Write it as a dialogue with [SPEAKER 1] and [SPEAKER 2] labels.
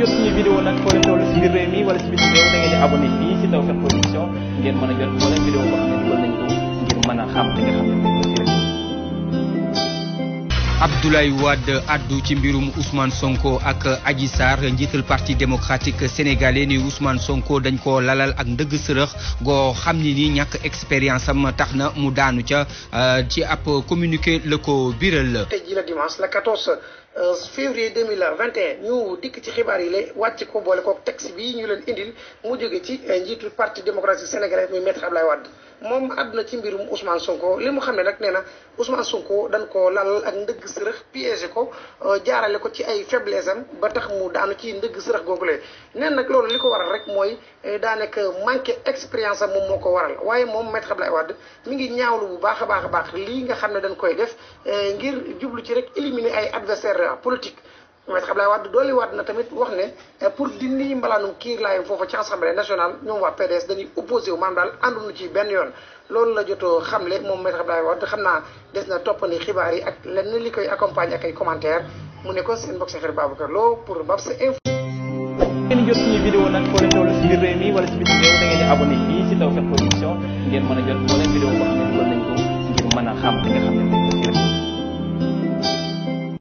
[SPEAKER 1] jot suñu vidéo nag foo leen toll si biir réew mi wala si biir réew da ngeen di abonné fii si Tawfekh Production ngeen mën a jot moo leen vidéo boo xam ne dugal nañ Abdoulaye Wade addu ci mbirum Ousmane Sonko
[SPEAKER 2] ak Adji Sarr njiital parti démocratique sénégalais ni Ousmane Sonko dañ ko lalal ak ndëgg sërëx goo xam ne ni ñàkk expérience am tax na mu daanu ca euh, ci ab communiqué la ko biral. la
[SPEAKER 3] euh, février ñu dikk ci xibaar yi la wàcc ko boole kook texte bi ñu leen indil mu jóge ci euh, njiitul parti démocratique sénégalais muy maître Abdoulaye Wade. moom àdduna ci mbirum Ousmane Sonko li mu xam ne nag nee na Ousmane Sonko dañ ko lal ak ndëgg sërëx piégé ko euh, jaarale ko ci ay faiblesse am ba tax mu daanu ci ndëgg sërëx googule neen nag loolu li ko waral rek mooy euh, daanaka manqué expérience am moom moo ko waral waaye moom Maître Abdoulaye Wade mi ngi ñaawlu bu baax a baax a baax lii nga xam ne dañ koy def euh, ngir jublu ci rek éliminer ay adversaire politique maître Abdoulaye Wade dooli waat na tamit wax ne eh, pour dindi mbalaanum kiir laay foofa ci assemblée nationale ñoom waa PDS dañuy opposé wu maanaam daal ànduñu ci benn yoon loolu la jotoo xamle moom maître Abdoulaye Wade xam naa des na toppandi xibaar yi ak lenn li koy accompagner ak ay mu nekkoon seen mbokk sa xarit pour Babsa Info.
[SPEAKER 1] ngeen jot suñu vidéo wala si bitim di abonné fii si Tawfekh Production ngeen mën a jot moo leen a xam